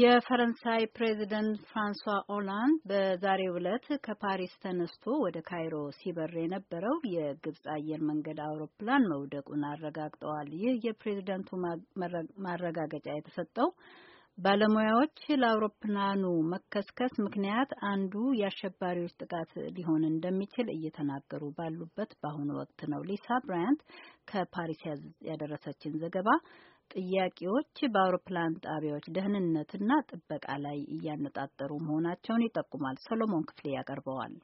የፈረንሳይ ፕሬዚደንት ፍራንሷ ኦላንድ በዛሬው ዕለት ከፓሪስ ተነስቶ ወደ ካይሮ ሲበር የነበረው የግብፅ አየር መንገድ አውሮፕላን መውደቁን አረጋግጠዋል። ይህ የፕሬዚደንቱ ማረጋገጫ የተሰጠው ባለሙያዎች ለአውሮፕላኑ መከስከስ ምክንያት አንዱ የአሸባሪዎች ጥቃት ሊሆን እንደሚችል እየተናገሩ ባሉበት በአሁኑ ወቅት ነው። ሊሳ ብራያንት ከፓሪስ ያደረሰችን ዘገባ ጥያቄዎች በአውሮፕላን ጣቢያዎች ደህንነትና ጥበቃ ላይ እያነጣጠሩ መሆናቸውን ይጠቁማል። ሰሎሞን ክፍሌ ያቀርበዋል።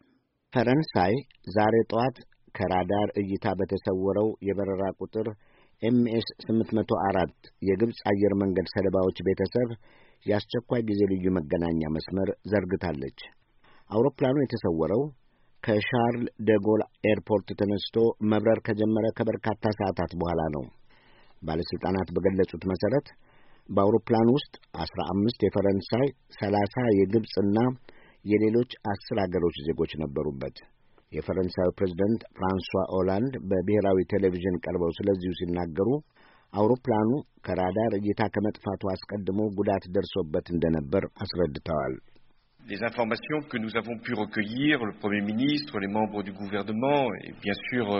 ፈረንሳይ ዛሬ ጠዋት ከራዳር እይታ በተሰወረው የበረራ ቁጥር ኤምኤስ 804 የግብፅ አየር መንገድ ሰለባዎች ቤተሰብ የአስቸኳይ ጊዜ ልዩ መገናኛ መስመር ዘርግታለች። አውሮፕላኑ የተሰወረው ከሻርል ደጎል ኤርፖርት ተነስቶ መብረር ከጀመረ ከበርካታ ሰዓታት በኋላ ነው። ባለሥልጣናት በገለጹት መሠረት በአውሮፕላን ውስጥ አስራ አምስት የፈረንሳይ፣ ሰላሳ የግብፅና የሌሎች አስር አገሮች ዜጎች ነበሩበት። የፈረንሳዩ ፕሬዚደንት ፍራንሷ ኦላንድ በብሔራዊ ቴሌቪዥን ቀርበው ስለዚሁ ሲናገሩ አውሮፕላኑ ከራዳር እይታ ከመጥፋቱ አስቀድሞ ጉዳት ደርሶበት እንደነበር አስረድተዋል። Les informations que nous avons pu recueillir, le Premier ministre, les membres du gouvernement et bien sûr euh,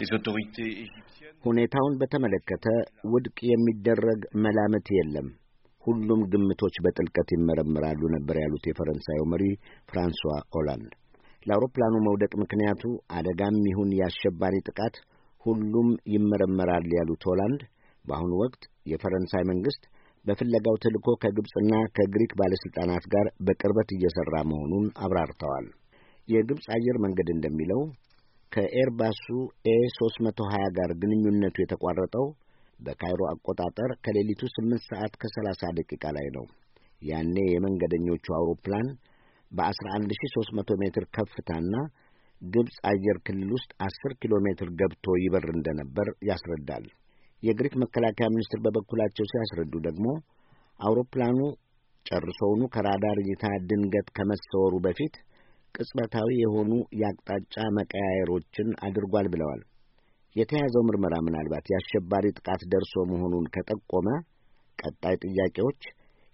les autorités égyptiennes. ሁኔታውን በተመለከተ ውድቅ የሚደረግ መላምት የለም፣ ሁሉም ግምቶች በጥልቀት ይመረምራሉ ነበር ያሉት የፈረንሳዩ መሪ ፍራንሷ ኦላንድ። ለአውሮፕላኑ መውደቅ ምክንያቱ አደጋም ይሁን የአሸባሪ ጥቃት ሁሉም ይመረመራል ያሉት ሆላንድ በአሁኑ ወቅት የፈረንሳይ መንግሥት በፍለጋው ተልእኮ ከግብፅና ከግሪክ ባለሥልጣናት ጋር በቅርበት እየሠራ መሆኑን አብራርተዋል። የግብፅ አየር መንገድ እንደሚለው ከኤርባሱ ኤ 320 ጋር ግንኙነቱ የተቋረጠው በካይሮ አቆጣጠር ከሌሊቱ 8 ሰዓት ከ30 ደቂቃ ላይ ነው። ያኔ የመንገደኞቹ አውሮፕላን በ11300 ሜትር ከፍታና ግብፅ አየር ክልል ውስጥ 10 ኪሎ ሜትር ገብቶ ይበር እንደነበር ያስረዳል። የግሪክ መከላከያ ሚኒስትር በበኩላቸው ሲያስረዱ ደግሞ አውሮፕላኑ ጨርሶውኑ ከራዳር እይታ ድንገት ከመሰወሩ በፊት ቅጽበታዊ የሆኑ የአቅጣጫ መቀያየሮችን አድርጓል ብለዋል። የተያዘው ምርመራ ምናልባት የአሸባሪ ጥቃት ደርሶ መሆኑን ከጠቆመ ቀጣይ ጥያቄዎች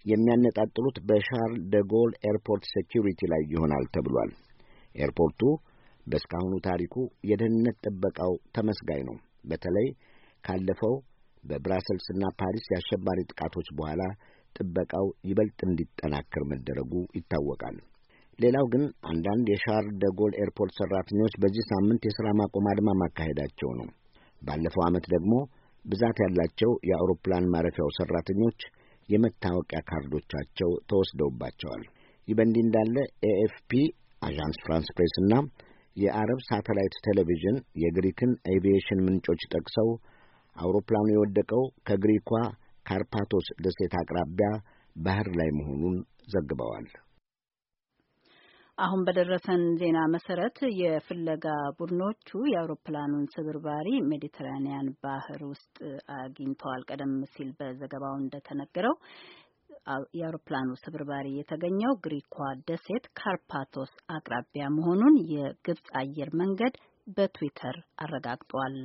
የሚያነጣጥሉት በሻርል ደጎል ኤርፖርት ሴኪሪቲ ላይ ይሆናል ተብሏል። ኤርፖርቱ በእስካሁኑ ታሪኩ የደህንነት ጥበቃው ተመስጋኝ ነው። በተለይ ካለፈው በብራሰልስና ፓሪስ የአሸባሪ ጥቃቶች በኋላ ጥበቃው ይበልጥ እንዲጠናከር መደረጉ ይታወቃል። ሌላው ግን አንዳንድ የሻርል ደጎል ኤርፖርት ሰራተኞች በዚህ ሳምንት የሥራ ማቆም አድማ ማካሄዳቸው ነው። ባለፈው ዓመት ደግሞ ብዛት ያላቸው የአውሮፕላን ማረፊያው ሰራተኞች የመታወቂያ ካርዶቻቸው ተወስደውባቸዋል። ይህ በእንዲህ እንዳለ ኤኤፍፒ፣ አዣንስ ፍራንስ ፕሬስ እና የአረብ ሳተላይት ቴሌቪዥን የግሪክን ኤቪዬሽን ምንጮች ጠቅሰው አውሮፕላኑ የወደቀው ከግሪኳ ካርፓቶስ ደሴት አቅራቢያ ባህር ላይ መሆኑን ዘግበዋል። አሁን በደረሰን ዜና መሰረት የፍለጋ ቡድኖቹ የአውሮፕላኑን ስብርባሪ ሜዲትራኒያን ባህር ውስጥ አግኝተዋል። ቀደም ሲል በዘገባው እንደተነገረው የአውሮፕላኑ ስብርባሪ የተገኘው ግሪኳ ደሴት ካርፓቶስ አቅራቢያ መሆኑን የግብጽ አየር መንገድ በትዊተር አረጋግጧል።